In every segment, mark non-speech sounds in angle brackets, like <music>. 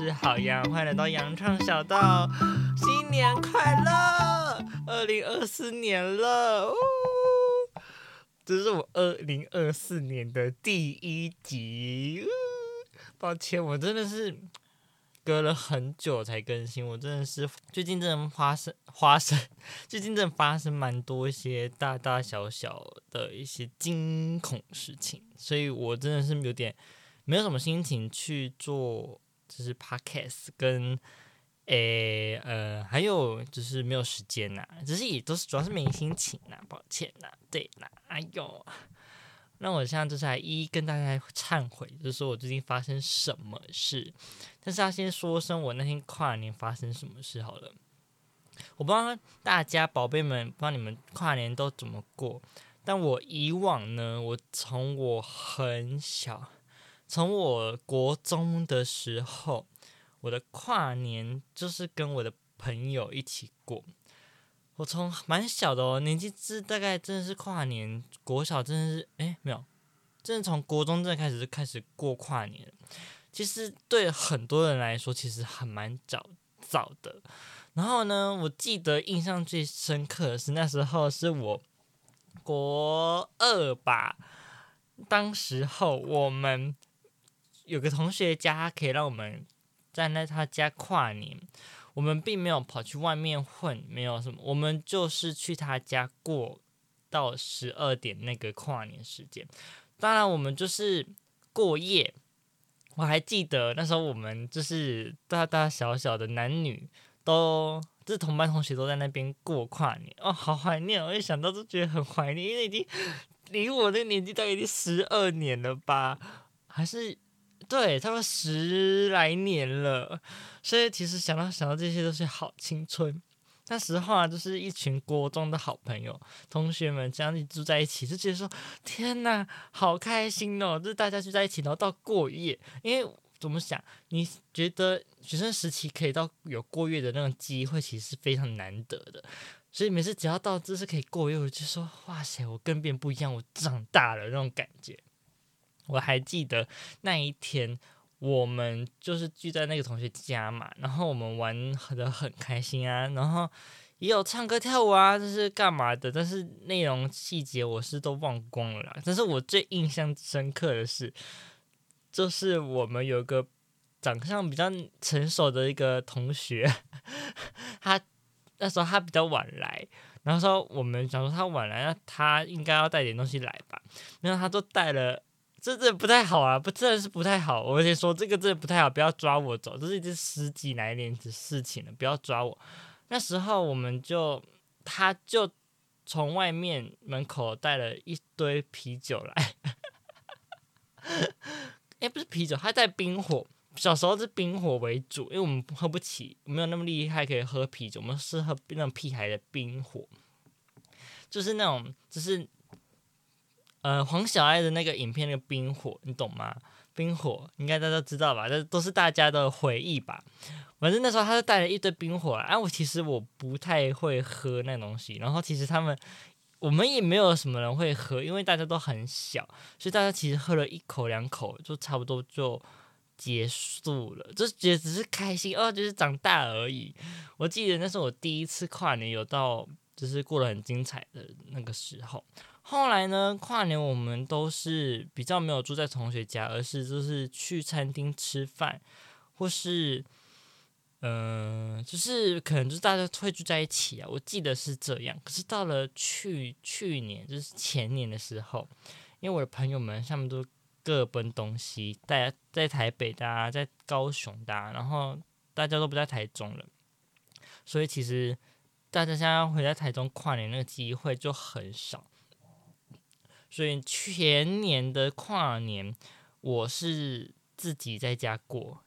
大家好呀，歡迎來到羊腸小道。新年快樂！二零二四年了，嗚，這是我二零二四年的第一集。抱歉，我真的是隔了很久才更新。我真的是最近真的發生發生，最近真的發生蠻多一些大大小小的一些驚恐事情，所以我真的是有點沒有什麼心情去做。就是 podcast 跟誒、欸、呃，還有就是沒有時間啦、啊，只是也都是主要是沒心情啦、啊，抱歉啦、啊，對啦，哎呦。那我現在就是來一一跟大家懺悔，就是我最近發生什麼事。但是，要先說聲我那天跨年發生什麼事好了。我不知道大家寶貝們，不知道你們跨年都怎麼過，但我以往呢，我從我很小。從我國中的時候，我的跨年就是跟我的朋友一起過。我從蠻小的哦，年紀是大概真的是跨年，國小真的是誒，沒有，真的從國中真的開始就開始過跨年。其實對很多人來說，其實還蠻早早的。然後呢，我記得印象最深刻的是那時候是我國二吧，當時候我們。有個同學家，可以讓我們站在他家跨年。我們並沒有跑去外面混，沒有什麼，我們就是去他家過到十二點那個跨年時間。當然，我們就是過夜。我還記得那時候，我們就是大大小小的男女都，就是同班同學都在那邊過跨年哦，好懷念！我一想到就覺得很懷念，因為已經離我的年紀大概已經十二年了吧，還是。對，差不多十來年了，所以其實想到想到這些都是好青春。但實話就是一群國中的好朋友，同學們這樣子住在一起，就覺得說天哪，好開心哦！就是大家聚在一起，然後到過夜。因為怎麼想，你覺得學生時期可以到有過夜的那種機會，其實是非常難得的。所以每次只要到這是可以過夜，我就說哇塞，我跟別人不一樣，我長大了那種感覺。我還記得那一天，我們就是聚在那個同學家嘛，然後我們玩得很開心啊，然後也有唱歌跳舞啊，這是幹嘛的。但是內容細節我是都忘光了。但是我最印象深刻的是，就是我們有個長相比較成熟的一個同學，他那時候他比較晚來，然後說我們想說他晚來，那他應該要帶點東西來吧，然後他都帶了。這這不太好啊，不，真的是不太好。我跟你說這個，這不太好，不要抓我走，這是一件十幾來年的事情了，不要抓我。那時候我們就，他就從外面門口帶了一堆啤酒來，誒、 <laughs> 欸，不是啤酒，他帶冰火。小時候是冰火為主，因為我們喝不起，沒有那麼厲害可以喝啤酒，我們是喝那種屁孩的冰火，就是那種，就是。呃，黃小愛的那個影片，那個冰火，你懂嗎？冰火應該大家都知道吧？這都是大家的回憶吧。反正那時候他就帶了一堆冰火，哎、啊，我其實我不太會喝那東西。然後其實他們，我們也沒有什麼人會喝，因為大家都很小，所以大家其實喝了一口兩口就差不多就結束了，就是覺得只是開心，哦，就是長大而已。我記得那是我第一次跨年有到，就是過得很精彩的那個時候。後來呢，跨年我們都是比較沒有住在同學家，而是就是去餐廳吃飯，或是嗯、呃，就是可能就是大家會聚在一起啊。我記得是這樣。可是到了去去年就是前年的時候，因為我的朋友們他們都各奔東西，大家在台北的、啊、在高雄的、啊、然後大家都不在台中了，所以其實大家現在要回到台中跨年那個機會就很少。所以前年的跨年，我是自己在家過，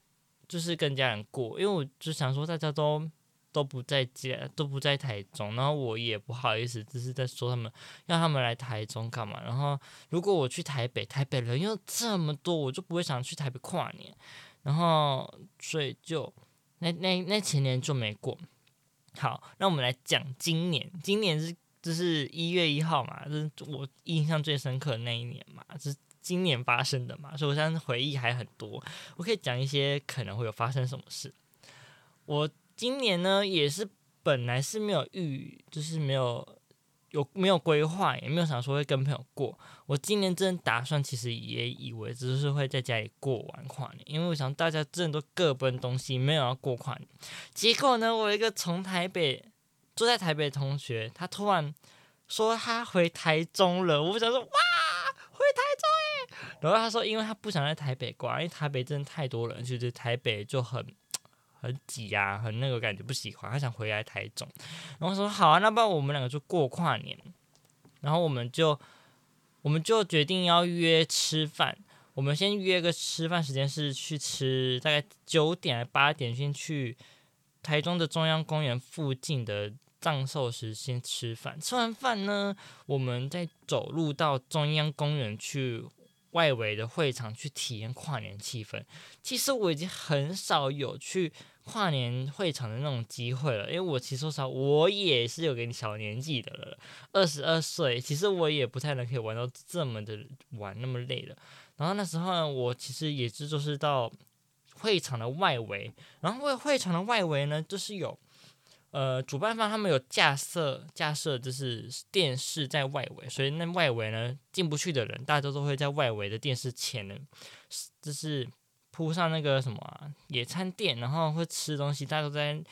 就是跟家人過，因為我就想說大家都都不在家，都不在台中，然後我也不好意思，只是在說他們，要他們來台中幹嘛？然後如果我去台北，台北人又這麼多，我就不會想去台北跨年。然後所以就那那那前年就沒過。好，那我們來講今年，今年是。這是一月一號嘛，就是我印象最深刻的那一年嘛，是今年發生的嘛，所以我現在回憶還很多。我可以講一些可能會有發生什麼事。我今年呢，也是本來是沒有預，就是沒有有沒有規劃也，也沒有想說會跟朋友過。我今年真的打算，其實也以為只是會在家裡過完跨年，因為我想大家真的都各奔東西，沒有要過跨年。結果呢，我一個從台北，坐在台北的同學，他突然說他回台中了。我想說哇，回台中哎。然後他說，因為他不想在台北逛，因為台北真的太多人，就是台北就很很擠呀、啊，很那個感覺不喜歡。他想回來台中。然後說好啊，那不然我們兩個就過跨年。然後我們就我們就決定要約吃飯。我們先約個吃飯時間是去吃，大概九點八點先去台中的中央公園附近的。上壽司先吃飯，吃完飯呢，我們再走路到中央公園去外圍的會場去體驗跨年氣氛。其實我已經很少有去跨年會場的那種機會了，因為我其實說實話，我也是有給你小年紀的了，二十二歲，其實我也不太能可以玩到這麼的玩那麼累的。然後那時候呢，我其實也是就是到會場的外圍，然後會會場的外圍呢，就是有。呃，主辦方他們有架設架設，就是電視在外圍，所以那外圍呢，進不去的人，大家都會在外圍的電視前呢，就是鋪上那個什麼、啊、野餐墊，然後會吃東西，大家都在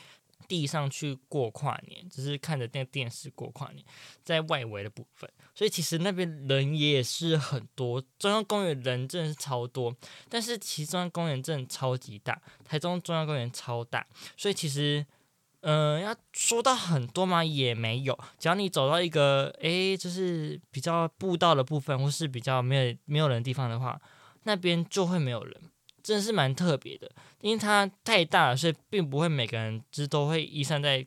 地上去過跨年，就是看着那電視過跨年，在外圍的部分，所以其實那邊人也是很多，中央公園人真的是超多，但是其中央公園真的超級大，台中中央公園超大，所以其實。嗯，要說到很多嗎？也沒有。只要你走到一個哎、欸，就是比較步道的部分，或是比較沒有沒有人的地方的話，那邊就會沒有人，真的是蠻特別的。因為它太大了，所以並不會每個人就都會遺散在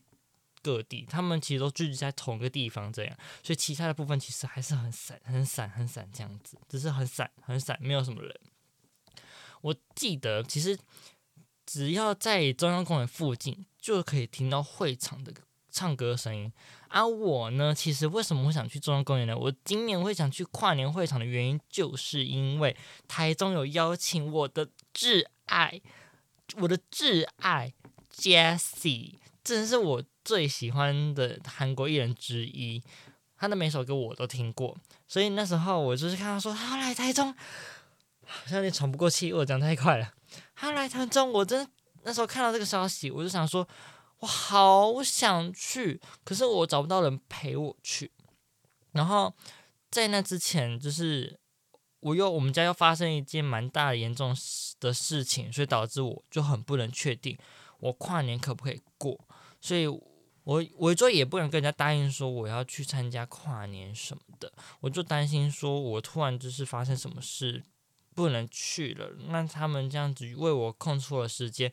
各地，他們其實都聚集在同一個地方這樣，所以其他的部分其實還是很散、很散、很散這樣子，只是很散、很散，沒有什麼人。我記得其實只要在中央公園附近，就可以聽到會場的唱歌的聲音。而、啊、我呢，其實為什麼會想去中央公園呢？我今年會想去跨年會場的原因，就是因為台中有邀請我的摯愛，我的摯愛 Jesse，真是我最喜歡的韓國藝人之一。他的每首歌我都聽過，所以那時候我就是看他說他、啊、來台中，好像有點喘不過氣，因為我講太快了。他、啊、來台中，我真的。那時候看到這個消息，我就想說，我好想去，可是我找不到人陪我去。然後在那之前，就是我又我們家又發生一件蠻大的、嚴重的事情，所以導致我就很不能確定我跨年可不可以過。所以我我就也不能跟人家答應說我要去參加跨年什麼的，我就擔心說我突然就是發生什麼事。不能去了，那他們這樣子為我空出了時間，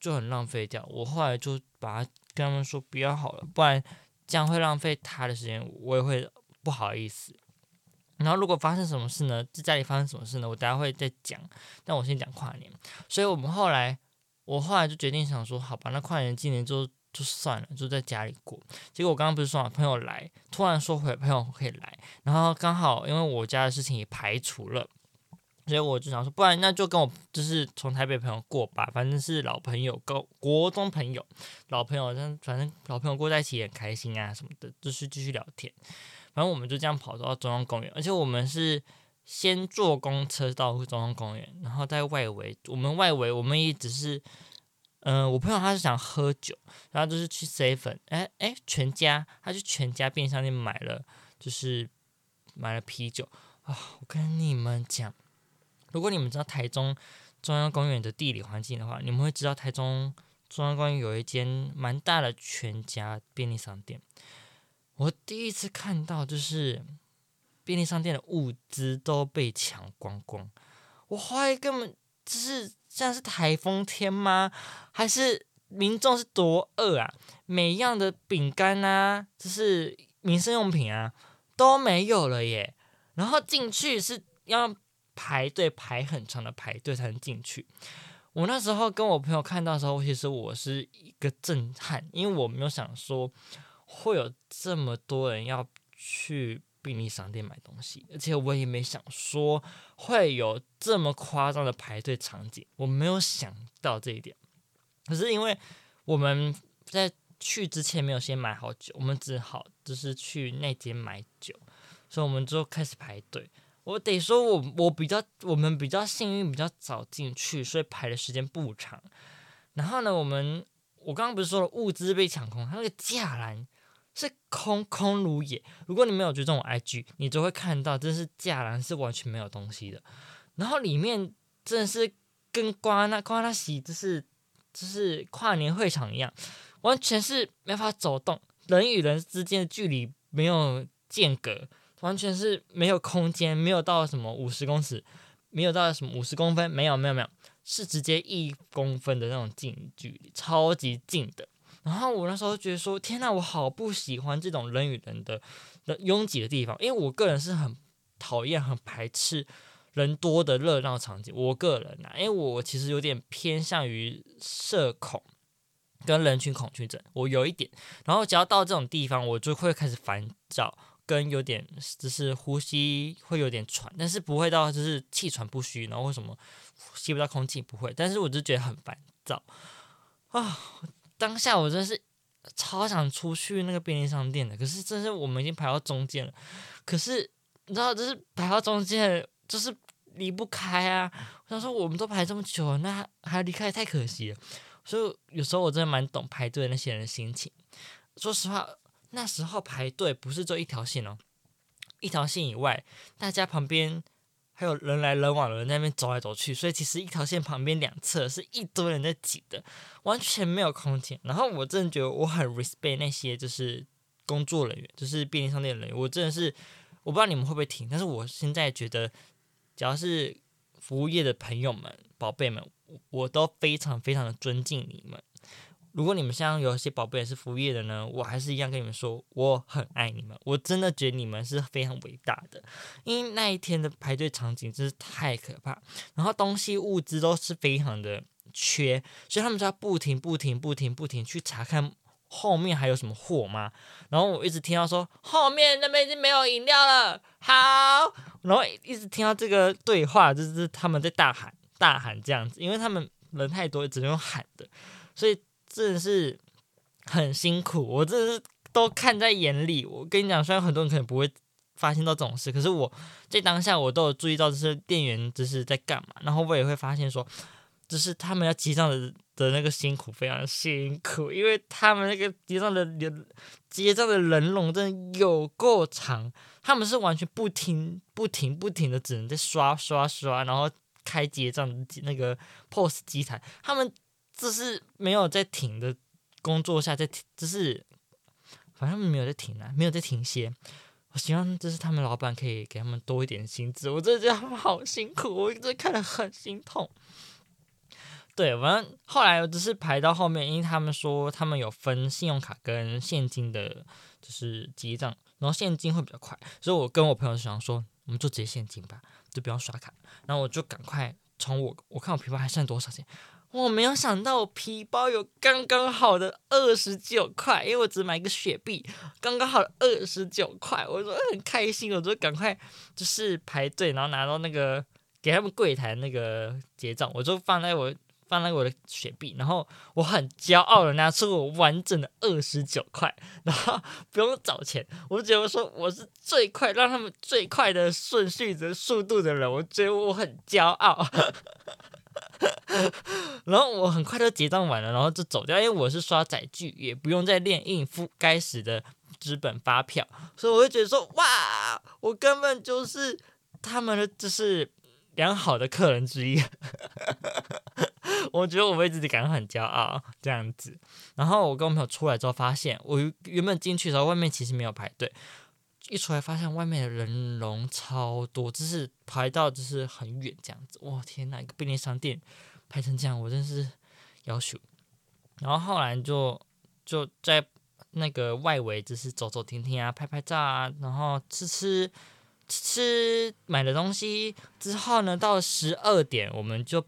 就很浪費掉。我後來就把他跟他們說不要好了，不然這樣會浪費他的時間，我也會不好意思。然後如果發生什麼事呢？在家裡發生什麼事呢？我等下會再講。但我先講跨年，所以我們後來我後來就決定想說，好吧，那跨年今年就就算了，就在家裡過。結果我剛剛不是說好朋友來，突然說回朋友可以來，然後剛好因為我家的事情也排除了。所以我就想說，不然那就跟我就是從台北朋友過吧，反正是老朋友，跟國中朋友，老朋友，但反正老朋友過在一起也很開心啊，什麼的，就是繼續聊天。反正我們就這樣跑到中央公園，而且我們是先坐公車到中央公園，然後在外圍，我們外圍我們也只是，嗯、呃，我朋友他是想喝酒，然後就是去 seven，哎、欸、哎、欸，全家，他就全家便利商店買了，就是買了啤酒啊、哦，我跟你們講。如果你們知道台中中央公園的地理環境的話，你們會知道台中中央公園有一間蠻大的全家便利商店。我第一次看到，就是便利商店的物資都被搶光光。我懷疑根本就是現在是颱風天嗎？還是民眾是多餓啊？每一樣的餅乾啊，就是民生用品啊，都沒有了耶。然後進去是要排隊排很長的排隊才能進去。我那時候跟我朋友看到的時候，其實我是一個震撼，因為我沒有想說會有這麼多人要去便利商店買東西，而且我也沒想說會有這麼誇張的排隊場景，我沒有想到這一點。可是因為我們在去之前沒有先買好酒，我們只好就是去那間買酒，所以我們就開始排隊。我得說我，我我比較，我們比較幸運，比較早進去，所以排的時間不長。然後呢，我們我剛剛不是說了，物資被搶空，它那個柵欄是空空如也。如果你沒有追蹤我 IG，你就會看到，這是柵欄是完全沒有東西的。然後裡面真的是跟瓜那瓜那西，就是就是跨年會場一樣，完全是沒法走動，人與人之間的距離沒有間隔。完全是沒有空間，沒有到什麼五十公尺，沒有到什麼五十公分，沒有沒有沒有，是直接一公分的那種近距離，超級近的。然後我那時候覺得說，天吶，我好不喜歡這種人與人的的擁擠的地方，因為我個人是很討厭、很排斥人多的熱鬧場景。我個人吶、啊，因為我其實有點偏向於社恐跟人群恐懼症，我有一點。然後只要到這種地方，我就會開始煩躁。跟有點就是呼吸會有點喘，但是不會到就是氣喘不虛，然後為什麼吸不到空氣不會，但是我就覺得很煩躁啊，哦！當下我真是超想出去那個便利商店的，可是真是我們已經排到中間了，可是你知道，就是排到中間就是離不開啊！我想說，我們都排這麼久，那還離開太可惜了。所以有時候我真的蠻懂排隊那些人的心情，說實話。那時候排隊不是就一條線哦，一條線以外，大家旁邊還有人來人往的人在那邊走來走去，所以其實一條線旁邊兩側是一堆人在擠的，完全沒有空間。然後我真的覺得我很 respect 那些就是工作人員，就是便利商店的人員。我真的是，我不知道你們會不會聽，但是我現在覺得，只要是服務業的朋友們、寶貝們，我都非常非常的尊敬你們。如果你們像有些寶貝也是服務業的呢，我還是一樣跟你們說，我很愛你們，我真的覺得你們是非常偉大的，因為那一天的排隊場景真是太可怕，然後東西物資都是非常的缺，所以他們就要不停不停不停不停去查看後面還有什麼貨嗎？然後我一直聽到說後面那邊已經沒有飲料了，好，然後一直聽到這個對話，就是他們在大喊大喊這樣子，因為他們人太多，只能用喊的，所以。真的是很辛苦，我真的是都看在眼裡。我跟你講，雖然很多人可能不會發現到這種事，可是我在當下我都有注意到，就是店員就是在幹嘛。然後我也會發現說，就是他們要結賬的的那個辛苦非常的辛苦，因為他們那個結賬的結結賬的人龍真的有夠長，他們是完全不停不停不停的，只能在刷刷刷，然後開結賬那個 POS 機台，他們。只是沒有在停的工作下，在停，就是反正沒有在停啊，沒有在停歇。我希望就是他們老板可以給他們多一點薪資。我真的覺得他們好辛苦，我一直看得很心痛。對，反正後來我只是排到後面，因為他們說他們有分信用卡跟現金的，就是結賬，然後現金會比較快。所以我跟我朋友就想說，我們就結現金吧，就不要刷卡。然後我就趕快從我我看我皮包還剩多少錢。我沒有想到我皮包有剛剛好的二十九塊，因為我只買一個雪碧，剛剛好二十九塊。我就很開心，我就趕快就是排隊，然後拿到那個給他們櫃台那個結賬，我就放在我放在我的雪碧，然後我很驕傲的拿出我完整的二十九塊，然後不用找錢。我只能說我是最快讓他們最快的順序的速度的人，我覺得我很驕傲。 <laughs> <laughs> 然後我很快就結賬完了，然後就走掉，因為我是刷載具，也不用再練應付該死的紙本發票，所以我會覺得說，哇，我根本就是他們的，就是良好的客人之一， <laughs> 我覺得我為自己感到很驕傲，這樣子。然後我跟我朋友出來之後，發現我原本進去的時候，外面其實沒有排隊。一出來發現外面的人龍超多，就是排到就是很遠這樣子，我天哪！一個便利商店排成這樣，我真是要求。然後後來就就在那個外圍就是走走停停啊，拍拍照啊，然後吃吃吃,吃買的東西之後呢，到十二點我們就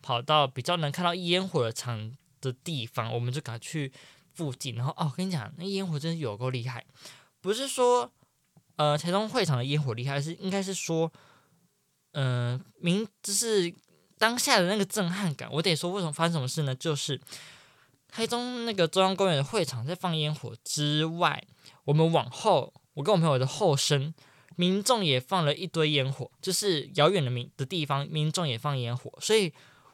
跑到比較能看到煙火的場的地方，我們就趕去附近。然後哦，跟你講，那煙火真是有夠厲害，不是說。呃，台中會場的煙火厲害，還是應該是說，嗯、呃，民就是當下的那個震撼感。我得說，為什麼發生什麼事呢？就是台中那個中央公園的會場在放煙火之外，我們往後，我跟我朋友的後生民眾也放了一堆煙火，就是遙遠的民的地方，民眾也放煙火，所以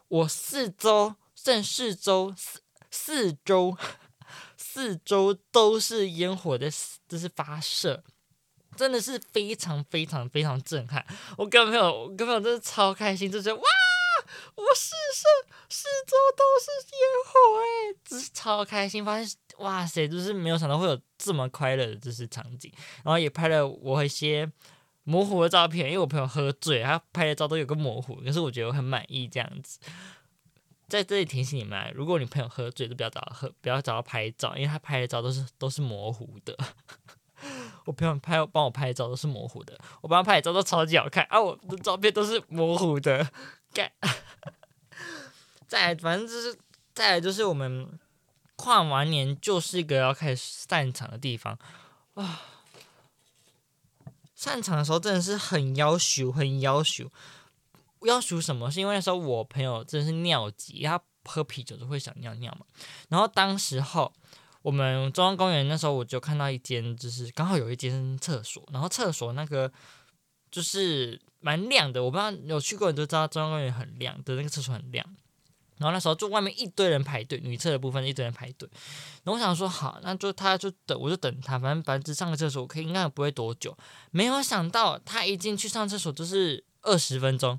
我四周、正四周、四四周、四周都是煙火的，就是發射。真的是非常非常非常震撼，我跟朋友，我跟朋友真的超開心，就覺得哇，我四舍四周都是煙火哎，真是超開心，發現哇塞，就是沒有想到會有這麼快樂的這些場景，然後也拍了我一些模糊的照片，因為我朋友喝醉，他拍的照都有個模糊，可是我覺得我很滿意這樣子，在這裡提醒你們啊，如果你朋友喝醉，就不要找他喝，不要找他拍照，因為他拍的照都是都是模糊的。我朋友拍幫我拍照都是模糊的，我幫他拍照都超級好看啊！我的照片都是模糊的，幹。 <laughs> 再來，反正就是再來就是我們跨完年就是一個要開始散場的地方啊。散場。哦，散場的時候真的是很要求很要求要求數什麼？是因為那時候我朋友真的是尿急，他喝啤酒都會想尿尿嘛。然後當時候。我們中央公園那時候，我就看到一間，就是剛好有一間廁所，然後廁所那個就是蠻亮的。我不知道有去過你就知道中央公園很亮，對，那個廁所很亮。然後那時候就外面一堆人排隊，女廁的部分一堆人排隊。然後我想說，好，那就他就等，我就等他，反正反正就上個廁所，我可以應該也不會多久。沒有想到他一進去上廁所就是二十分鐘，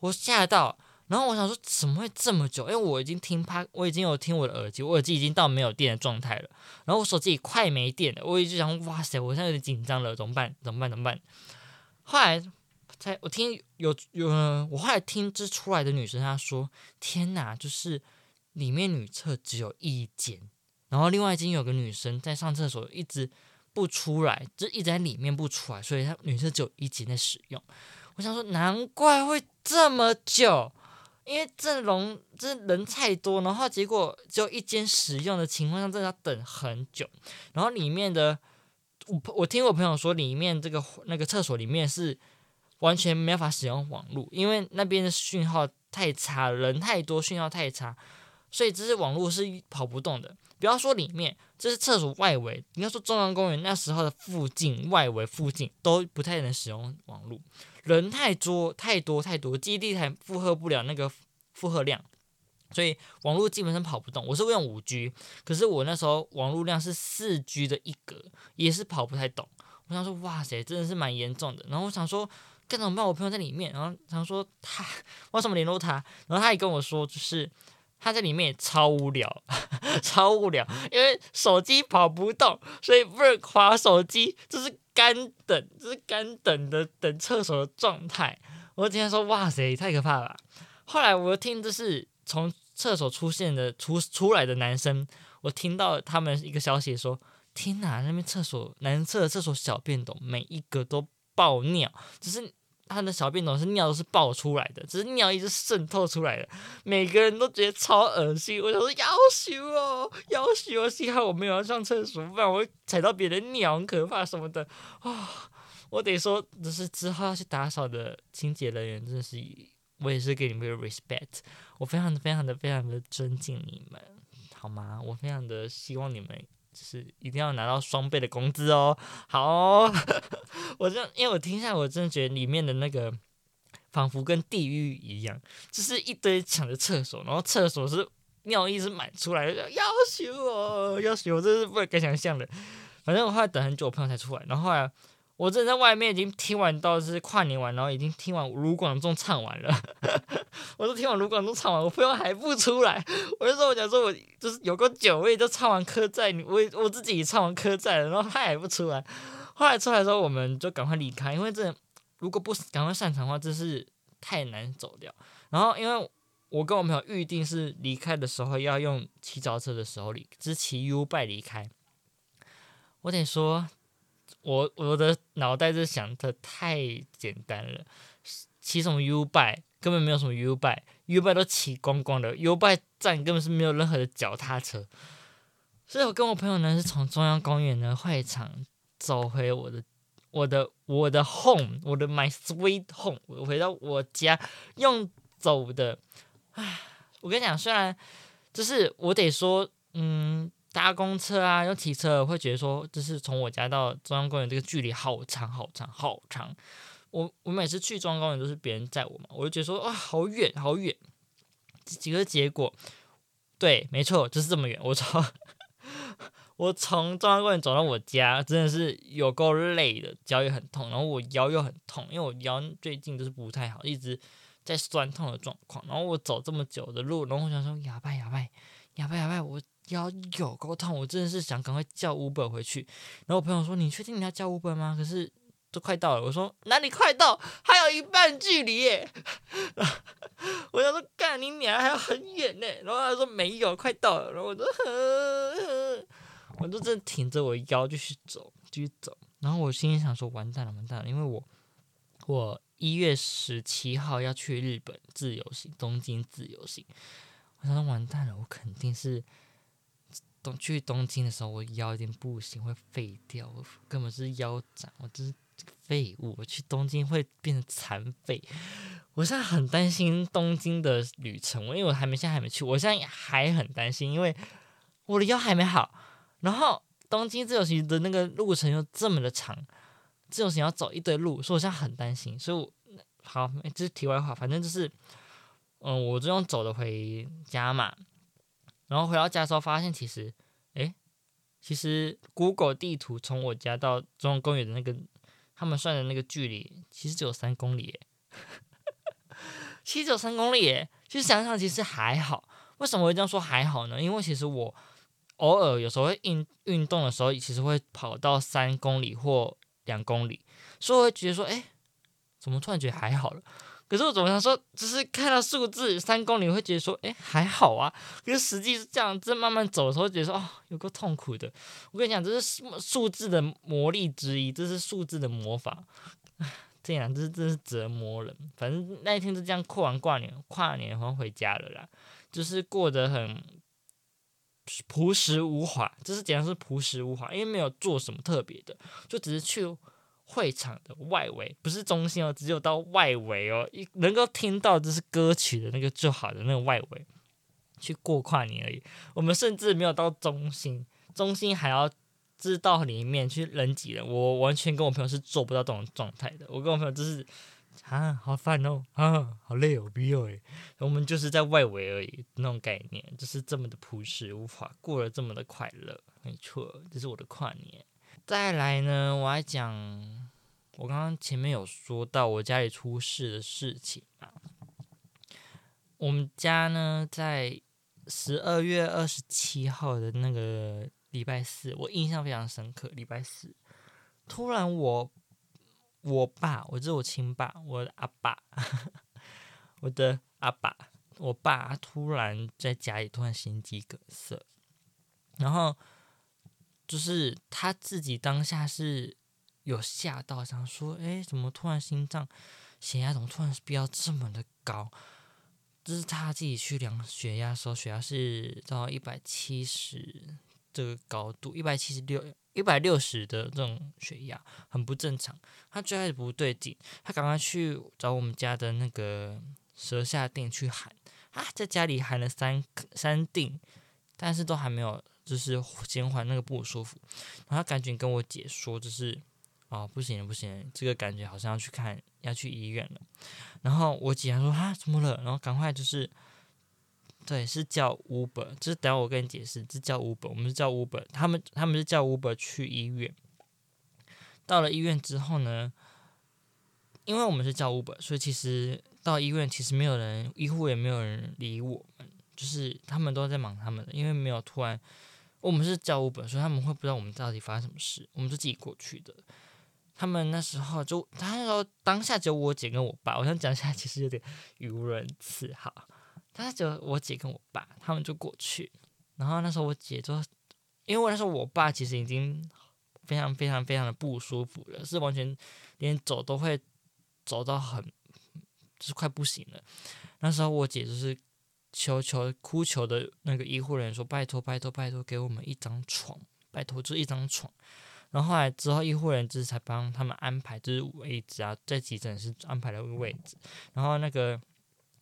我嚇到。然後我想說，怎麼會這麼久？因為我已經聽趴，我已經有聽我的耳機，我耳機已經到沒有電的狀態了。然後我手機也快沒電了，我一直想，哇塞，我現在有點緊張了，怎麼辦？怎麼辦？怎麼辦？後來才我聽有有，我後來聽這出來的女生她說：“天哪，就是裡面女廁只有一間，然後另外一間有個女生在上廁所，一直不出來，就一直在裡面不出來，所以她女廁只有一間在使用。”我想說，難怪會這麼久。因為陣容就是人太多，然後結果就一間使用的情況下，真的要等很久。然後裡面的，我我聽我朋友說，裡面這個那個廁所裡面是完全沒法使用網絡，因為那邊的訊號太差，人太多，訊號太差，所以這些網絡是跑不動的。不要說裡面，這是廁所外圍，你要說中央公園那時候的附近外圍附近都不太能使用網絡。人太多，太多，太多，基地還負荷不了那個負荷量，所以網絡基本上跑不動。我是用五 G，可是我那時候網絡量是四 G 的一格，也是跑不太動。我想說，哇塞，真的是蠻嚴重的。然後我想說，該怎麼辦？我朋友在裡面，然後想說他，為什麼聯絡他？然後他也跟我說，就是他在裡面也超無聊呵呵，超無聊，因為手機跑不動，所以不是滑手機，就是。乾等，就是乾等的等廁所的狀態。我今天說，哇塞，太可怕了。後來我聽這是從廁所出現的出出來的男生，我聽到他們一個消息說：天吶、啊，那邊廁所男廁的廁所小便斗每一個都爆尿，只是。他的小便總是尿都是爆出來的，只是尿一直滲透出來的，每個人都覺得超惡心。我想說，夭壽哦，夭壽！哦，幸好我沒有要上廁所，不然我會踩到別人尿，可怕什麼的啊、哦！我得說，只是之後要去打掃的清潔人員，真的是我也是給你們 respect，我非常的非常的非常的尊敬你們，好嗎？我非常的希望你們。就是一定要拿到雙倍的工資哦！好、哦， <laughs> 我這樣，因為我聽下來，我真的覺得裡面的那個仿佛跟地獄一樣，就是一堆搶着廁所，然後廁所是尿意是滿出來的，要死哦，要死，這是不敢想象的。反正我後來等很久，我朋友才出來，然後後來、啊。我真的在外面已經聽完到是跨年完，然後已經聽完盧廣仲唱完了， <laughs> 我都聽完盧廣仲唱完，我朋友還不出來，我就說我想說我就是有個酒味，就唱完《客棧》。我我自己唱完《客棧》，然後他還，還不出來，後來出來之後我們就趕快離開，因為這如果不趕快散場的話，真是太難走掉。然後因為我跟我朋友預定是離開的時候要用騎着車的時候離，只騎 U 拜離開，我得說。我我的腦袋就想，的太簡單了，騎什麼 U i 根本沒有什麼 U i u i 都騎光光的 u i 站根本是沒有任何的腳踏車，所以我跟我朋友呢是從中央公園的會場走回我的，我的我的我的 home，我的 my sweet home，我回到我家用走的，唉，我跟你講，雖然就是我得說，嗯。搭公車啊，又騎車，會覺得說，就是從我家到中央公園這個距離好長好長好長。我我每次去中央公園都是別人載我嘛，我就覺得說，哇、哦，好遠好遠。幾個結果，對，沒錯，就是這麼遠。我從 <laughs> 我從中央公園走到我家，真的是有夠累的，腳也很痛，然後我腰又很痛，因為我腰最近就是不太好，一直在痠痛的狀況。然後我走這麼久的路，然後我想說，啞巴啞巴啞巴啞巴，我。腰有勾痛，我真的是想趕快叫 Uber 回去。然後我朋友說：“你確定你要叫 Uber 嗎？”可是都快到了，我說：“哪裡快到？還有一半距離耶！”然後我想說：“幹你娘，還有很遠呢。”然後他說：“沒有，快到了。”然後我說呵呵：“我就真的挺着我腰繼續走，繼續走。”然後我心裡想說：“完蛋了，完蛋了！”因為我我一月十七號要去日本自由行，東京自由行。我想說：“完蛋了，我肯定是。”東去東京的時候，我腰有點不行，會廢掉。我根本是腰斬，我就是廢物。我去東京會變成殘廢。我現在很擔心東京的旅程，因為我還沒，現在還沒去，我現在還很擔心，因為我的腰還沒好。然後東京自由行的那個路程又這麼的長，自由行要走一堆路，所以我現在很擔心。所以我好，這、欸就是題外話，反正就是，嗯，我這樣走的回家嘛。然後回到家之後，發現其實，誒，其實 Google 地圖從我家到中央公園的那個，他們算的那個距離，其實只有三公里耶， <laughs> 其實只有三公里耶，其實想想，其實還好。為什麼會這樣說還好呢？因為其實我偶爾有時候會運運動的時候，其實會跑到三公里或兩公里，所以我會覺得說，哎，怎麼突然覺得還好了？可是我總想說，只、就是看到數字三公里，會覺得說，哎、欸，還好啊。可是實際是這樣，這慢慢走的時候，覺得說，哦，有夠痛苦的。我跟你講，這是數數字的魔力之一，這是數字的魔法。這 <laughs> 樣、啊，這這是，真是折磨人。反正那一天就這樣跨完跨年，跨年然後回家了啦，就是過得很樸實無華，就是講是樸實無華，因為沒有做什麼特別的，就只是去。會場的外圍，不是中心哦，只有到外圍哦，一能夠聽到就是歌曲的那個最好的那個外圍，去過跨年而已。我們甚至沒有到中心，中心還要知道裡面去人擠人，我完全跟我朋友是做不到這種狀態的。我跟我朋友就是啊，好煩哦，啊，好累哦，不要誒，我們就是在外圍而已，那種概念就是這麼的樸實無華，過得這麼的快樂，沒錯，這是我的跨年。再來呢，我還講，我剛剛前面有說到我家裡出事的事情啊。我們家呢，在十二月二十七號的那個禮拜四，我印象非常深刻。禮拜四，突然我我爸，我這是我親爸，我的阿爸， <laughs> 我的阿爸，我爸突然在家裡突然心肌梗塞，然後。就是他自己當下是有嚇到，想說，哎、欸，怎麼突然心臟血壓怎麼突然飆這麼的高？就是他自己去量血壓的時候，血壓是到一百七十這個高度，一百七十六、一百六十的這種血壓很不正常。他最開始不對勁，他趕快去找我們家的那個舌下錠去含啊，在家裡含了三、三錠，但是都還沒有。就是減緩那個不舒服，然後趕緊跟我姐說，就是啊、哦，不行了，不行了，這個感覺好像要去看，要去醫院了。然後我姐說啊，怎麼了？然後趕快就是，對，是叫 Uber，就是等下我跟你解釋，這叫 Uber，我們是叫 Uber，他們他們是叫 Uber 去醫院。到了醫院之後呢，因為我們是叫 Uber，所以其實到醫院其實沒有人，醫護也沒有人理我們，就是他們都在忙他們的，因為沒有突然。我們是教務本，所以他們會不知道我們到底發生什麼事。我們是自己過去的。他們那時候就，他那時候當下只有我姐跟我爸。我想講一下，其實有點語無倫次哈。但是只有我姐跟我爸，他們就過去。然後那時候我姐就，因為那時候我爸其實已經非常非常非常的不舒服了，是完全連走都會走到很，就是快不行了。那時候我姐就是。求求哭求的那個醫護人員說：“拜託，拜託，拜託，給我們一張床，拜託，就一張床。”然後後來之後，醫護人員就是才幫他們安排就是位置啊，在急診室安排了個位置。然後那個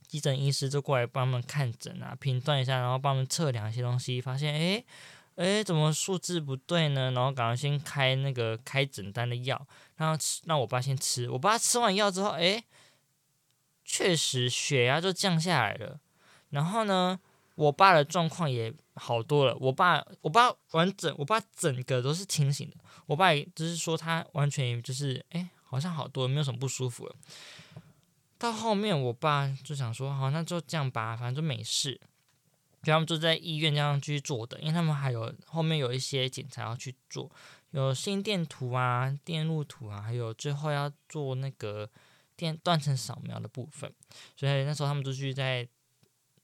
急診醫師就過來幫他們看診啊，評斷一下，然後幫他們測量一些東西，發現哎哎怎麼數字不對呢？然後趕快先開那個開診單的藥，吃，讓我爸先吃。我爸吃完藥之後，哎，確實血壓就降下來了。然後呢，我爸的狀況也好多了。我爸，我爸完整，我爸整個都是清醒的。我爸也就是說，他完全就是，哎，好像好多，沒有什麼不舒服了。到後面，我爸就想說，好，那就這樣吧，反正就沒事。比方說就在醫院這樣繼續做的，因為他們還有後面有一些檢查要去做，有心電圖啊、電路圖啊，還有最後要做那個電斷層掃描的部分。所以那時候他們就繼續在。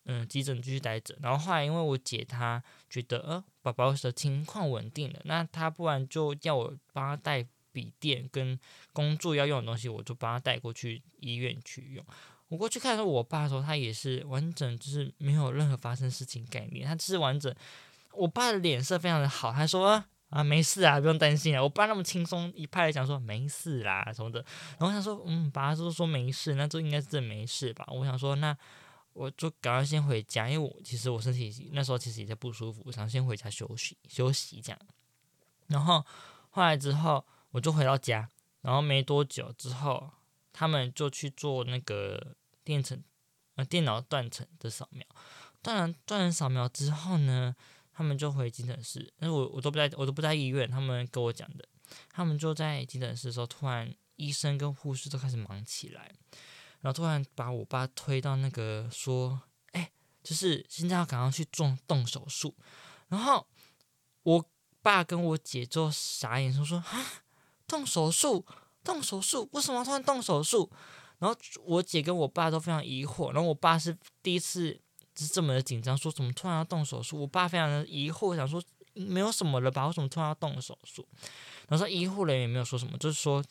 嗯，急診繼續待着，然後後來因為我姐她覺得呃寶寶的情況穩定了，那她不然就叫我幫她帶筆電跟工作要用的東西，我就幫她帶過去醫院去用。我過去看我我爸的時候，他也是完整，就是沒有任何發生事情概念，他只是完整。我爸的臉色非常的好，他說啊沒事啊，不用擔心啊。我爸那麼輕鬆一派來講說沒事啦、啊、什麼的，然後我想說嗯，爸都說沒事，那就應該是真沒事吧。我想說那。我就趕快先回家，因為我其實我身體那時候其實也在不舒服，我想先回家休息休息這樣。然後後來之後，我就回到家，然後沒多久之後，他們就去做那個電層啊、呃、電腦斷層的掃描。斷層斷層掃描之後呢，他們就回急診室，但是我我都不在，我都不在醫院。他們跟我講的，他們就在急診室的時候，突然醫生跟護士都開始忙起來。然後突然把我爸推到那個說，哎，就是現在要趕快去做動手術。然後我爸跟我姐就傻眼說，說說啊，動手術，動手術，為什麼突然動手術？然後我姐跟我爸都非常疑惑。然後我爸是第一次就這麼緊張，說怎麼突然要動手術？我爸非常的疑惑，想說沒有什麼了吧，為什麼怎麼突然要動手術？然後說醫護人員也沒有說什麼，就是說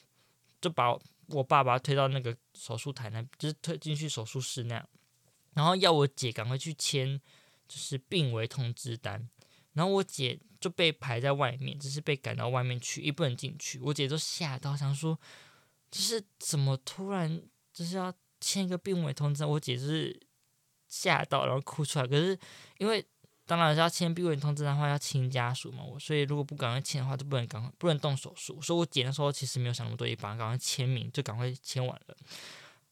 就把。我爸爸推到那個手術台那，就是推進去手術室那樣，然後要我姐趕快去簽，就是病危通知單，然後我姐就被排在外面，就是被趕到外面去，也不能進去。我姐都嚇到，想說，就是怎麼突然就是要簽一個病危通知單？我姐就是嚇到，然後哭出來。可是因為，當然是要簽病危通知的話要親家屬嘛，所以如果不趕快簽的話就不能趕快，不能動手術。所以我姐那時候其實沒有想那麼多，也幫趕快簽名就趕快簽完了。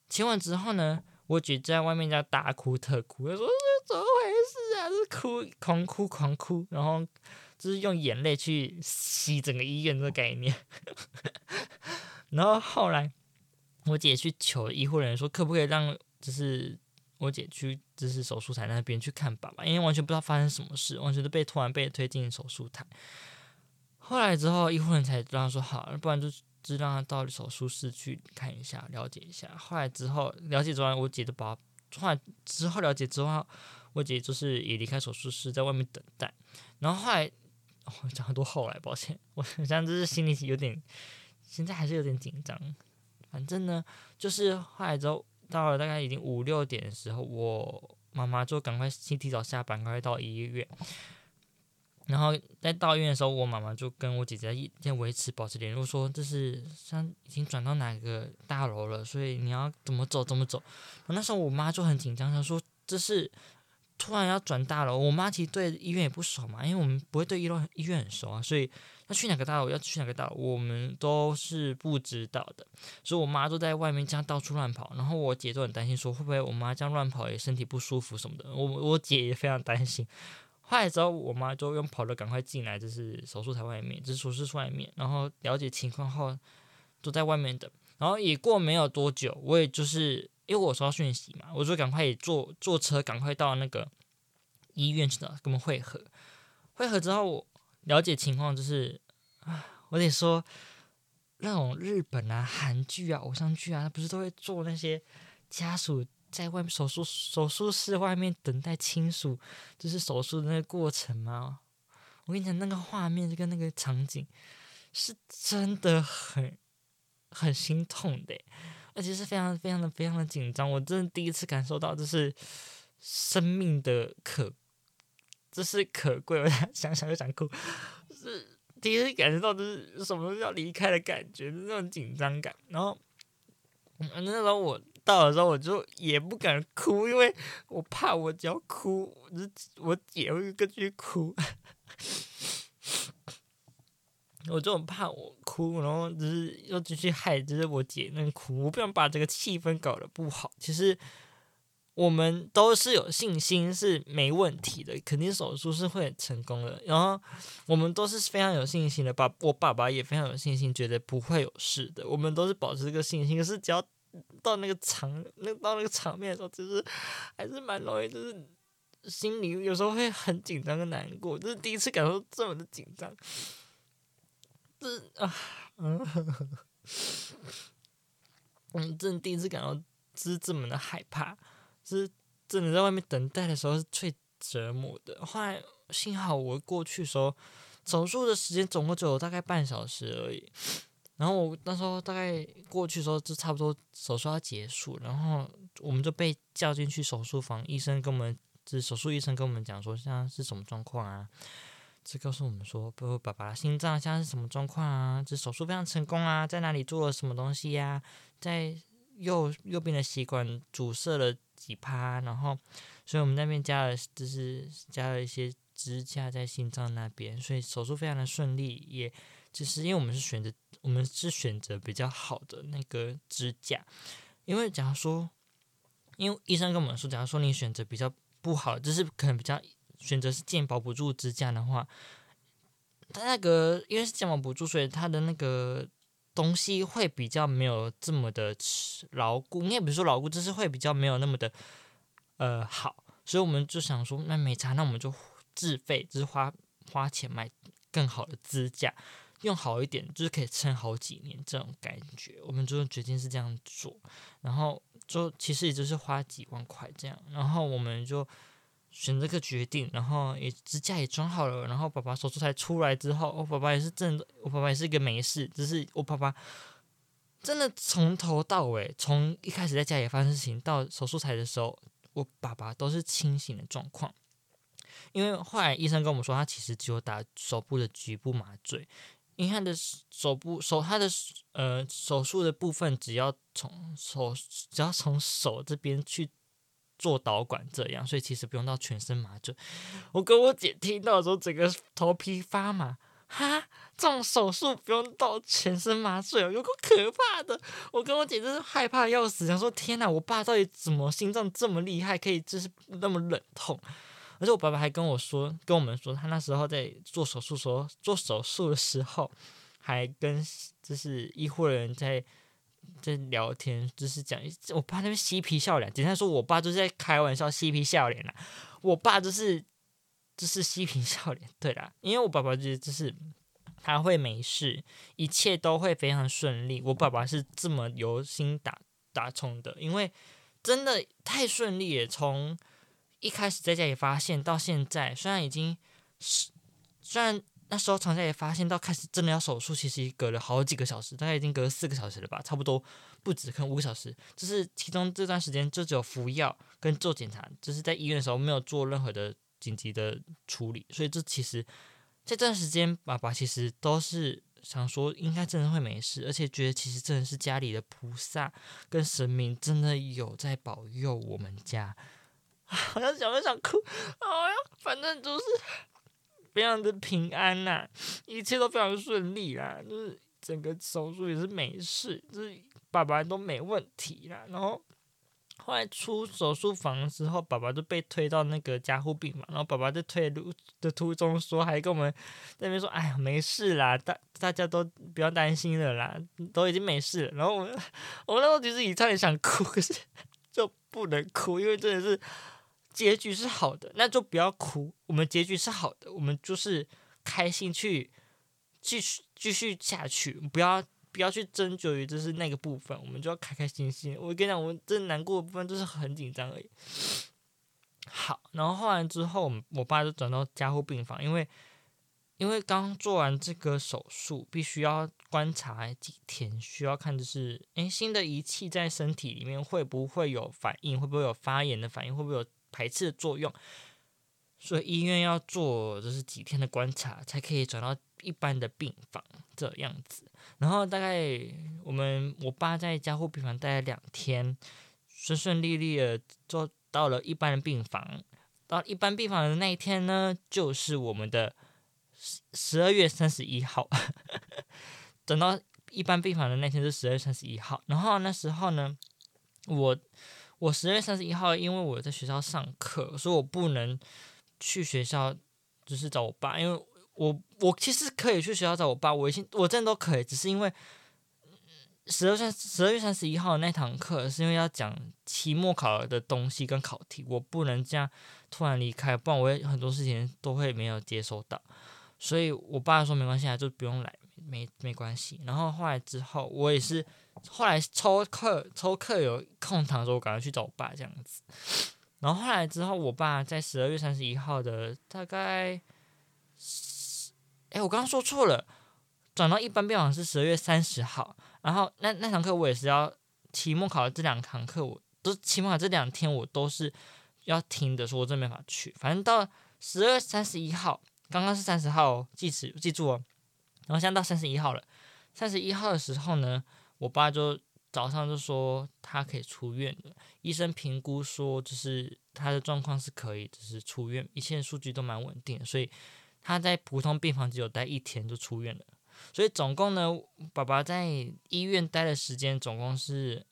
簽完之後呢，我姐在外面在大哭特哭，我說，這是怎麼回事啊？是哭狂哭狂哭，然後就是用眼淚去洗整個醫院這個概念。 <laughs> 然後後來我姐去求醫護人員說可不可以讓就是我姐去。就是手術台那邊去看爸爸，因為完全不知道發生什麼事，完全都被突然被推進手術台。後來之後，醫護人員才讓說好，不然就就讓他到手術室去看一下，了解一下。後來之後了解之後，我姐就把後來之後了解之後，我姐就是也離開手術室，在外面等待。然後後來，哦、我講很多後來，抱歉，我現在，就是心裡有點，現在還是有點緊張。反正呢，就是後來之後。到了大概已經五六點的時候，我媽媽就趕快先提早下班，趕快到醫院。然後在到醫院的時候，我媽媽就跟我姐姐一天維持保持聯絡說，說這是像已經轉到哪個大樓了，所以你要怎麼走怎麼走。那時候我媽就很緊張，她說這是突然要轉大樓。我媽其實對醫院也不熟嘛，因為我們不會對醫院醫院很熟啊，所以。那去哪個大我要去哪個大，要去哪個大我們都是不知道的，所以我媽都在外面這樣到處亂跑，然後我姐都很擔心，說會不會我媽這樣亂跑也身體不舒服什麼的。我。我我姐也非常擔心。後來之後，我媽就用跑的趕快進來，就是手術台外面，就是手術室外面，然後了解情況後，都在外面等。然後也過沒有多久，我也就是因為我收到訊息嘛，我就趕快也坐坐車，趕快到那個醫院去呢跟我們匯合。匯合之後，我。了解情況就是，啊，我得說，那種日本啊、韓劇啊、偶像劇啊，他不是都會做那些家屬在外面手術手術室外面等待親屬，就是手術的那個過程嗎？我跟你講，那個畫面就跟那個場景是真的很很心痛的，而且是非常非常的非常的緊張。我真的第一次感受到，就是生命的可。這是可貴，我想想就想哭。就是第一次感覺到，就是什麼都要離開的感覺，就是、那種緊張感。然後、嗯、那時候我到的時候，我就也不敢哭，因為我怕我只要哭，我，就我姐會跟去哭。 <laughs> 我就很怕我哭，然後就是又繼續害，就是我姐那哭，我不想把這個氣氛搞得不好。其實。我們都是有信心，是沒問題的，肯定手術是會成功的。然後我們都是非常有信心的，吧我爸爸也非常有信心，覺得不會有事的。我們都是保持這個信心。可是只要到那個場，那到那個場面的時候，其實還是蠻容易，就是心裡有時候會很緊張跟難過，就是第一次感受這麼的緊張，就是啊、嗯呵呵，我們真第一次感到是這麼的害怕。是，真的在外面等待的時候是最折磨的。後來幸好我過去時候，手術的時間總共只有大概半小時而已。然後我那時候大概過去時候，就差不多手術要結束，然後我們就被叫進去手術房，醫生跟我們就是手術醫生跟我們講說，現在是什麼狀況啊？就告訴我們說，比如爸爸心臟現在是什麼狀況啊？就手術非常成功啊，在哪裡做了什麼東西呀、啊？在。右右邊的血管阻塞了幾趴，然後，所以我們那邊加了，就是加了一些支架在心臟那邊，所以手術非常的順利，也就是因為我們是選擇，我們是選擇比較好的那個支架，因為假如說，因為醫生跟我們說，假如說你選擇比較不好，就是可能比較選擇是健保補助支架的話，他那個因為是健保補助，所以他的那個。東西會比較沒有這麼的牢固，你也比如說牢固，就是會比較沒有那麼的呃好，所以我們就想說，那沒差，那我們就自費，就是花花錢買更好的支架，用好一點，就是可以撐好幾年這種感覺，我們就決定是這樣做，然後就其實也就是花幾萬塊這樣，然後我們就。選這個決定，然後也支架也裝好了。然後爸爸手術台出來之後，我爸爸也是真的，我爸爸也是一個沒事。只是我爸爸真的從頭到尾，從一開始在家裡發生事情到手術台的時候，我爸爸都是清醒的狀況。因為後來醫生跟我們說，他其實只有打手部的局部麻醉，因為他的手部手他的呃手術的部分只，只要從手只要從手這邊去，做導管這樣，所以其實不用到全身麻醉。我跟我姐聽到的時候，整個頭皮發麻，哈，這種手術不用到全身麻醉，有夠可怕的！我跟我姐真是害怕要死，想說天哪、啊，我爸到底怎麼心臟這麼厲害，可以就是那麼忍痛？而且我爸爸還跟我說，跟我們說，他那時候在做手術時候，做手術的時候還跟就是醫護人員在。在聊天就是講，我爸在那邊嬉皮笑臉，簡單說，我爸就是在開玩笑，嬉皮笑臉啦、啊。我爸就是，就是嬉皮笑臉，對啦，因為我爸爸就是，就是他會沒事，一切都會非常順利。我爸爸是這麼由心打打衝的，因為真的太順利了，從一開始在家裡發現到現在，雖然已經是，雖然。那時候，廠家也發現到開始真的要手術，其實隔了好幾個小時，大概已經隔了四個小時了吧，差不多不止可能五個小時。只、就是其中這段時間就只有服藥跟做檢查，就是在醫院的時候沒有做任何的緊急的處理。所以這其實這段時間，爸爸其實都是想說應該真的會沒事，而且覺得其實真的是家裡的菩薩跟神明真的有在保佑我們家。好像想都想哭，哎、哦、呀，反正就是。非常的平安吶、啊，一切都非常順利啦，就是整個手術也是沒事，就是爸爸都沒問題啦。然後後來出手術房之後，爸爸就被推到那個加護病房，然後爸爸在推的途中說，還跟我們在那邊說：“哎呀，沒事啦，大大家都不要擔心了啦，都已經沒事了。”然後我們我們那時候其實也差點想哭，可是就不能哭，因為真的是。結局是好的，那就不要哭。我們結局是好的，我們就是開心去繼續繼續下去。不要不要去斟酌於就是那個部分，我們就要開開心心。我跟你講，我們這難過的部分就是很緊張而已。好，然後後來之後，我，我爸就轉到加護病房，因為因為剛做完這個手術，必須要觀察幾天，需要看的、就是哎新的儀器在身體裡面會不會有反應，會不會有發炎的反應，會不會有。排斥的作用，所以醫院要做就是幾天的觀察，才可以轉到一般的病房這樣子。然後大概我們我爸在加護病房待了兩天，順順利利的做到了一般的病房。到一般病房的那一天呢，就是我們的十二月三十一號。等 <laughs> 到一般病房的那天是十二月三十一號，然後那時候呢，我。我十二月三十一號，因為我在學校上課，所以我不能去學校，就是找我爸。因為我我其實可以去學校找我爸，微信我真的都可以。只是因為十二月三十一號那堂課是因為要講期末考的東西跟考題，我不能這樣突然離開，不然我也很多事情都會沒有接收到。所以我爸說沒關係啊，就不用來，沒沒關係。然後後來之後，我也是。後來抽課，抽課有空堂的時候，我趕快去找我爸這樣子。然後後來之後，我爸在十二月三十一號的大概誒，哎，我剛剛說錯了，轉到一般病房是十二月三十號。然後那那堂課我也是要，期末考的這兩堂課我,我都期末考這兩天我都是要聽的，說我真沒法去。反正到十二月三十一號，剛剛是三十號，記時記住哦。然後現在到三十一號了，三十一號的時候呢？我爸就早上就說他可以出院，醫生評估說就是他的狀況是可以，就是出院，一切數據都蠻穩定，所以他在普通病房只有待一天就出院了。所以總共呢，爸爸在醫院待的時間總共是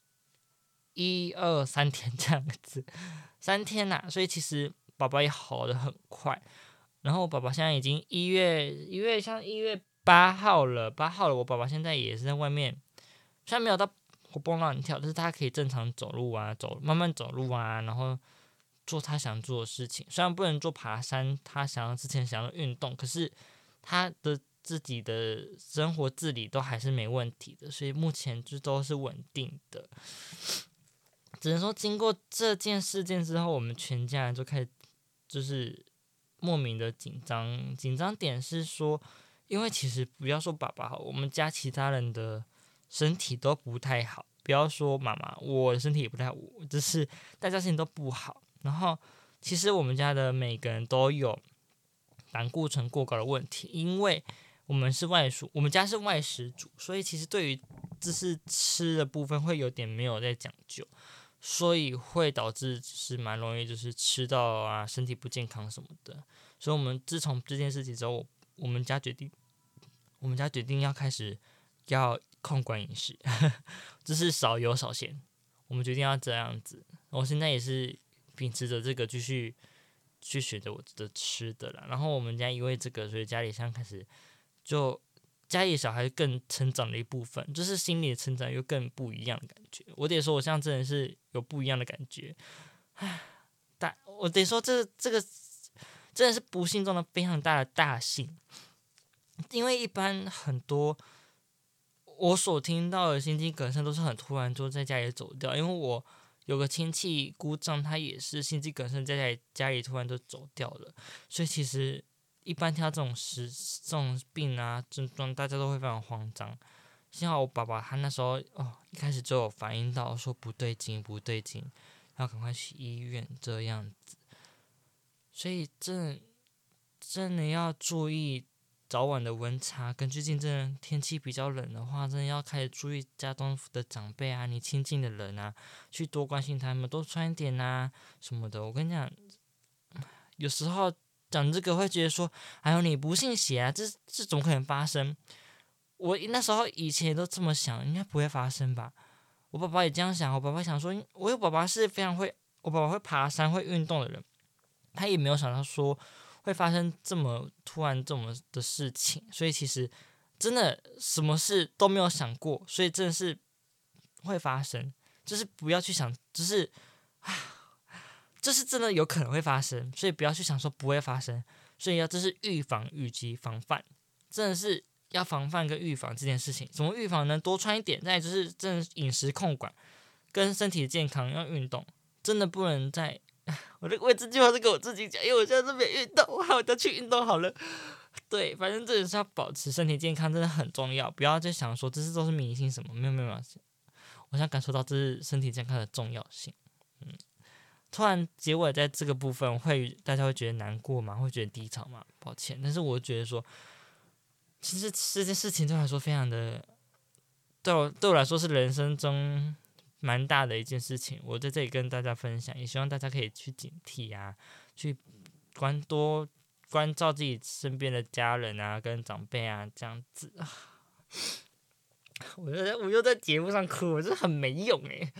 一二三天這樣子，三天啦。所以其實爸爸也好得很快。然後我爸爸現在已經一月一月，像一月八號了，八號了，我爸爸現在也是在外面，雖然沒有到，活蹦亂跳，但是他可以正常走路啊，走慢慢走路啊，然後做他想做的事情。雖然不能做爬山，他想之前想要運動，可是他的自己的生活自理都還是沒問題的，所以目前就都是穩定的。只能說經過這件事件之後，我們全家人就開始就是莫名的緊張。緊張點是說，因為其實不要說爸爸好，我們家其他人的。身體都不太好，不要說媽媽，我身體也不太好，只、就是大家心情都不好。然後，其實我們家的每個人都有膽固醇過高的問題，因為我們是外食，我們家是外食族，所以其實對於就是吃的部分會有點沒有在講究，所以會導致是蠻容易就是吃到啊身體不健康什麼的。所以，我們自從這件事情之後我，我們家決定，我們家決定要開始要。控管飲食呵呵，就是少油少鹹。我們決定要這樣子，我現在也是秉持着這個繼續去選擇我的吃的啦。然後我們家因為這個，所以家裡現在開始就家裡小孩更成長的一部分，就是心理的成長又更不一樣的感覺。我得說，我現在真的是有不一樣的感覺。唉，但我得說這，這這個真的是不幸中的非常大的大幸，因為一般很多。我所聽到的心肌梗塞都是很突然，就在家裡走掉。因為我有個親戚姑丈，他也是心肌梗塞在家裡，家裡突然就走掉了。所以其實一般聽到這種事，這種病啊症狀，大家都會非常慌張。幸好我爸爸他那時候哦一開始就有反應到，說不對勁，不對勁，要趕快去醫院這樣子。所以這真，真的要注意。早晚的溫差，跟最近這天氣比較冷的話，真的要開始注意家中的長輩啊，你親近的人啊，去多關心他們，多穿點啊什麼的。我跟你講，有時候講這個會覺得說，哎呦你不信邪啊，這這怎麼可能發生？我那時候以前也都這麼想，應該不會發生吧？我爸爸也這樣想，我爸爸想說，我有爸爸是非常會，我爸爸會爬山、會運動的人，他也沒有想到說。會發生這麼突然這麼的事情，所以其實真的什麼事都沒有想過，所以真的是會發生，就是不要去想，就是啊，這是真的有可能會發生，所以不要去想說不會發生，所以要這是預防、以及、防範，真的是要防範跟預防這件事情。怎麼預防呢？多穿一點，再就是真的飲食控管跟身體健康要運動，真的不能再。我這句話是跟我自己講，因為我現在是沒運動，好，我還要去運動好了。對，反正這也是要保持身體健康，真的很重要。不要再想說這是都是迷信什麼，沒有沒有。我想感受到這是身體健康的重要性。嗯，突然結尾在這個部分會大家會覺得難過嘛，會覺得低潮嘛？抱歉，但是我覺得說，其實這件事情對我來說非常的，對我對我來說是人生中。蠻大的一件事情，我在這裡跟大家分享，也希望大家可以去警惕啊，去關多關照自己身邊的家人啊，跟長輩啊，這樣子。 <laughs> 我又在，我又在節目上哭，我這很沒用誒、欸。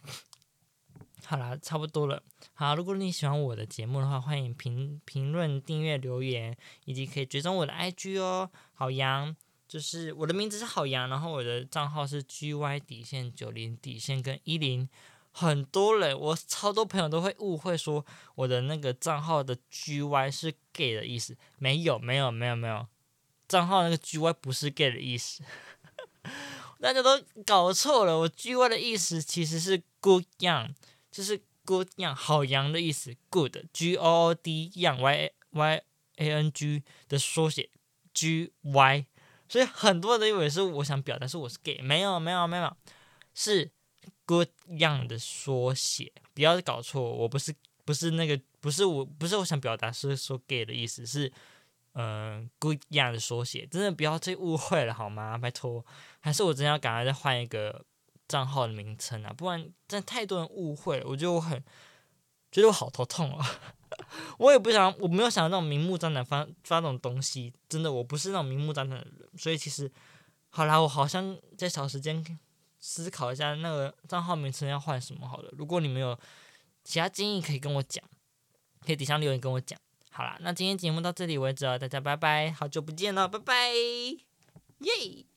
<laughs> 好啦，差不多了。好，如果你喜歡我的節目的話，歡迎評評論、訂閱、留言，以及可以追蹤我的 IG 哦。好楊就是我的名字是好陽，然後我的賬號是 G Y 底線九零底線跟一零，很多人我超多朋友都會誤會說我的那個賬號的 G Y 是 gay 的意思，沒有沒有沒有沒有，賬號那個 G Y 不是 gay 的意思， <laughs> 大家都搞錯了。我 G Y 的意思其實是 good young，就是 good young 好洋的意思，good G O O D young, Y A N G 的縮寫 G Y。所以很多人以為是我想表達是我是 gay，沒有沒有沒有，是 good young 的縮寫，不要搞錯，我不是不是那個不是我不是我想表達是說 gay 的意思，是嗯、呃、good young 的縮寫，真的不要再誤會了好嗎？拜託，還是我真的要趕快再換一個賬號的名稱啊，不然真的太多人誤會了。我覺得我很覺得我好頭痛啊、哦。 <laughs> 我也不想，我沒有想那種明目張膽發發那種東西，真的，我不是那種明目張膽的人。所以其實，好啦，我好像在找時間思考一下那個賬號名稱要換什麼好了。如果你們有其他建議，可以跟我講，可以底下留言跟我講。好啦，那今天節目到這裡為止了，大家拜拜，好久不見了，拜拜，耶、yeah！